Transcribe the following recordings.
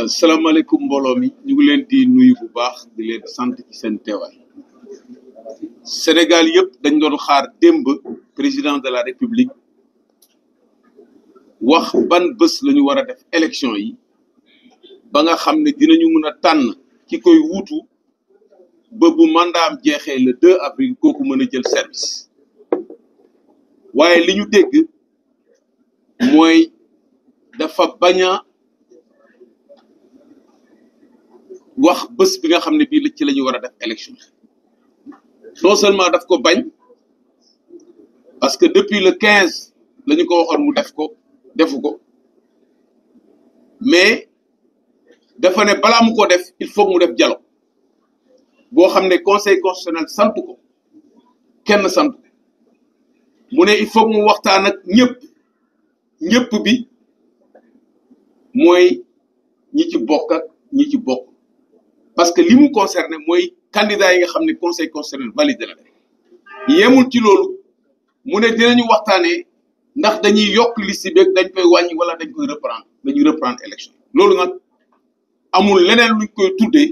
Euh, salaamaaleykum mbooloo mi ñu ngi leen di nuyu bu baax di sant seen teewaay Sénégal yëpp dañ doon xaar démb président de la république wax ban bés lañu ñu war a def élection yi ba nga xam ne dinañu mën a tànn ki koy wuutu ba bu mandaam jeexee le 2 avril kooku mën a jël service waaye li ñu dégg mooy dafa bañ wax bés bi nga xam ne bii ci la ñu war a def élection non seulement daf ko bañ parce que depuis le quinze lañu ko waxoon mu def ko defu ko mais dafa ne balaa mu ko def il faut mu def dialogue boo xam ne conseil constitutionnel sant ko kenn sant mu ne il faut mu waxtaan ak ñëpp ñëpp bi mooy ñi ci bokk ak ñi ci bokk. parce que limu mu concerné mooy candidat yi nga xamné conseil concerné validé la yemul ci lolu mu ne dinañu waxtané ndax dañuy yok liste beeg dañ koy wañi wala dañ koy reprendre dañu reprendre élection lolu nak amul leneen luñ koy tuddé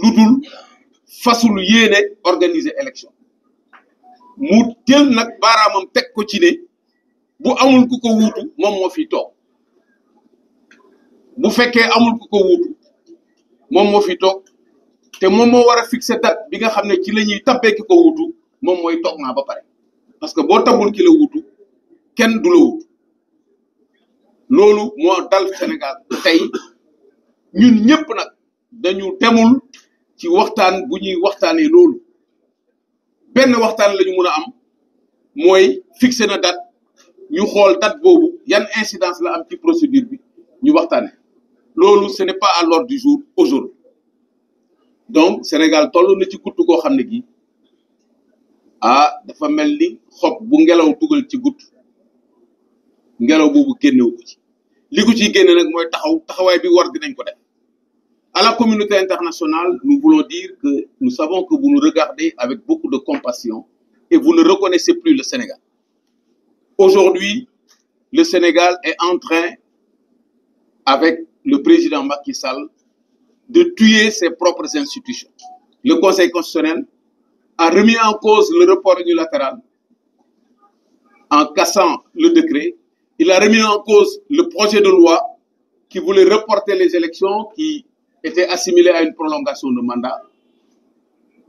ludul dul fasul yéene organiser élection mu jël nak baramam tek ko ci ne bu amul ku ko wuutu moom moo fi toog bu fekkee amul ku ko wuutu moom moo fi toog te moom moo war a fixer date bi nga xam ne ci la ñuy tabbee ki ko wutu moom mooy toog maa ba pare parce que boo tabul ki la wuutu kenn du la wuutu loolu moo dal Sénégal tey ñun ñëpp nag dañu temul ci waxtaan bu ñuy waxtaanee loolu benn waxtaan lañu mun a am mooy fixer na dat ñu xool date boobu yan insidence la am ci procédure bi ñu waxtaanee. ce n'est pas à l'ordre du jour aujourd'hui donc Sénégal ah à la communauté internationale nous voulons dire que nous savons que vous nous regardez avec beaucoup de compassion et vous ne reconnaissez plus le Sénégal aujourd'hui le Sénégal est en train avec le président Macky Sall de tuer ses propres institutions. Le Conseil constitutionnel a remis en cause le report unilatéral en cassant le décret. Il a remis en cause le projet de loi qui voulait reporter les élections qui étaient assimilées à une prolongation de mandat.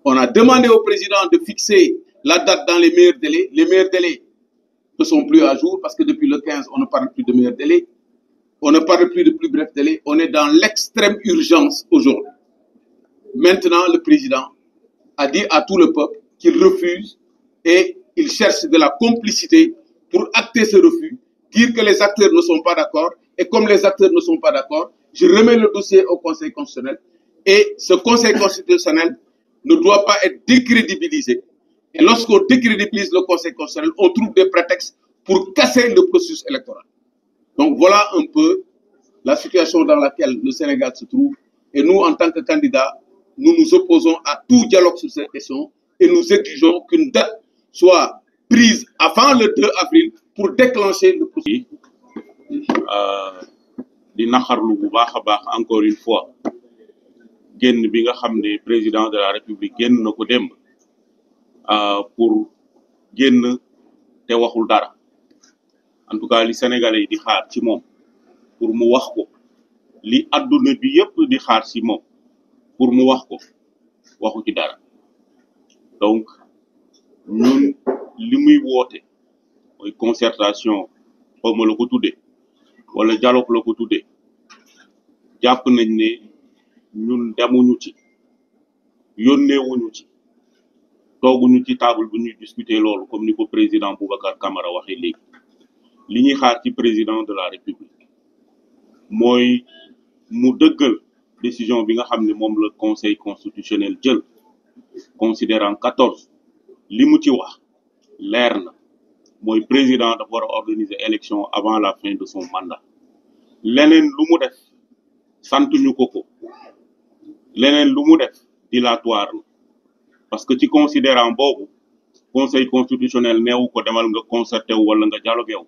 On a demandé au président de fixer la date dans les meilleurs délais. Les meilleurs délais ne sont plus à jour parce que depuis le 15, on ne parle plus de meilleurs délais. On ne parle plus de plus bref délai. On est dans l'extrême urgence aujourd'hui. Maintenant, le président a dit à tout le peuple qu'il refuse et il cherche de la complicité pour acter ce refus, dire que les acteurs ne sont pas d'accord. Et comme les acteurs ne sont pas d'accord, je remets le dossier au Conseil constitutionnel. Et ce Conseil constitutionnel ne doit pas être décrédibilisé. Et lorsqu'on décrédibilise le Conseil constitutionnel, on trouve des prétextes pour casser le processus électoral. Donc voilà un peu la situation dans laquelle le Sénégal se trouve. Et nous, en tant que candidats, nous nous opposons à tout dialogue sur cette question et nous exigeons qu'une date soit prise avant le 2 avril pour déclencher le processus. Euh, encore une fois président de la république euh, pour en tout cas li sénégalais yi di xaar ci mom pour mu wax ko li aduna bi yëpp di xaar ci mom pour mu wax ko waxu ci dara donc ñun li muy woote mooy concertation xawma la ko tuddee wala dialogue la ko tuddee jàpp nañ ne ñun demuñu ci yónneewuñu ci tooguñu ci table bu ñuy discuter lolu comme ni ko président Boubacar Camara waxé léegi liñuy xaar ci président de la république mooy mu dëggal décision bi nga xam ne moom conseil constitutionnel jël considérant quatorze li mu ci wax président dafa war organiser élection avant la fin de son mandat leneen lu mu def santuñu ko ko leneen lu mu def dilatoire parce que ci considérant boobu conseil constitutionnel neewu ko demal nga concerté wu wala nga dialogué wu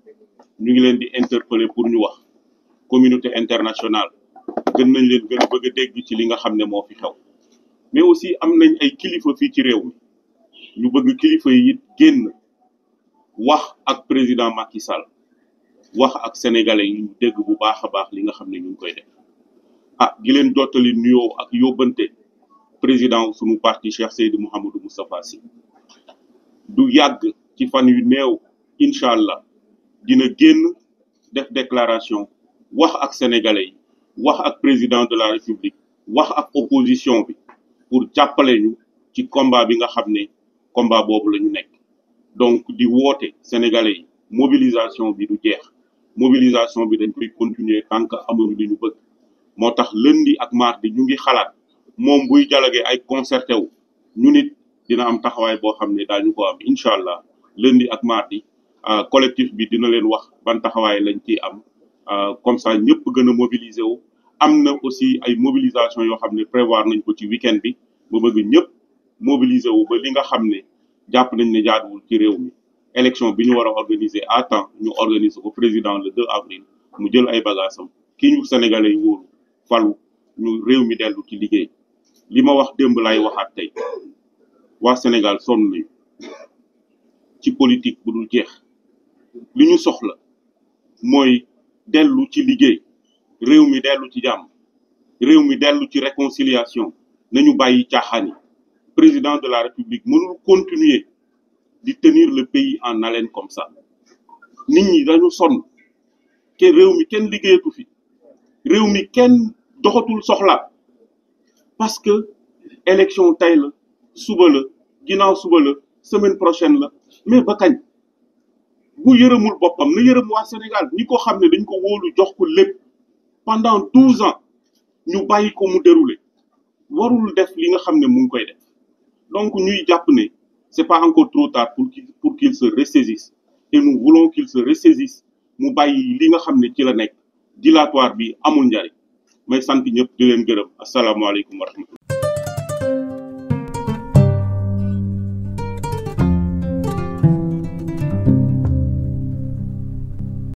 ñu ngi leen di interpeller pour ñu wax communauté internationale gën nañ leen gën a dégg ci li nga xam ne moo fi xew mais aussi am nañ ay kilifa fii ci réew mi ñu bëgg kilifa yi it génn wax ak président Macky Sall wax ak sénégalais yi ñu dégg bu baax a baax li nga xam ne ñu ngi koy def ah gileen leen jottali nuyoo ak yóbbante président suñu parti Cheikh Seydou Mouhamadou Moustapha si du yàgg ci fan yu néew incha allah. dina génn def déclaration wax ak sénégalais yi wax ak président de la république wax ak opposition bi pour jàppale ñu ci combat bi nga xam ne combat boobu lañu nekk donc di woote sénégalais yi mobilisation bi du jeex mobilisation bi dañ koy continuer tant que amuñu li ñu bëgg moo tax lëndi ak mardi ñu ngi xalaat moom buy jalagee ay concerté wu ñu nit dina am taxawaay boo xam ne daañu ko am incha allah lëndi ak mardi Euh, collectif bi dina leen wax ban taxawaay lañ ciy am euh, comme ça ñëpp gën a mobiliser wu am na aussi ay mobilisation yoo xam ne prévoir nañ ko ci week-end bi ba bëgg ñëpp mobiliser wu ba li nga xam ne jàpp nañ ne jaaduwul ci réew mi élection bi ñu war a organiser à temps ñu organise ko président le 2 avril mu jël ay bagaasam kii ñu sénégalais yi wóolu falu ñu réew mi dellu ci liggéey li ma wax démb lay waxaat tey waa Sénégal sonn nañu ci politique bu dul jeex nous ñu soxla mooy dellu ci liggéey réew mi dellu ci réconciliation nañu bàyyi président de la république mënul continuer de tenir le pays en haleine comme ça nit ñi dañu sonn nous réew mi kenn fi kenn doxatul soxla parce que élection tey la suba la la semaine prochaine la mais bu yeureumul bopam na yeureum wa senegal ñi ko xamne dañ ko wolu jox ko lepp pendant 12 ans ñu bàyyi ko mu dérouler warul def li nga xamne mu ngi koy def donc ñuy japp ne c'est pas encore trop tard pour qu'il pour qu'il se ressaisisse et nous voulons qu'il se ressaisisse mu bayyi li nga xamne ci la nek dilatoire bi amul ndari may sant ñëpp di leen gërëm asalaamaaleykum wa rahmatullah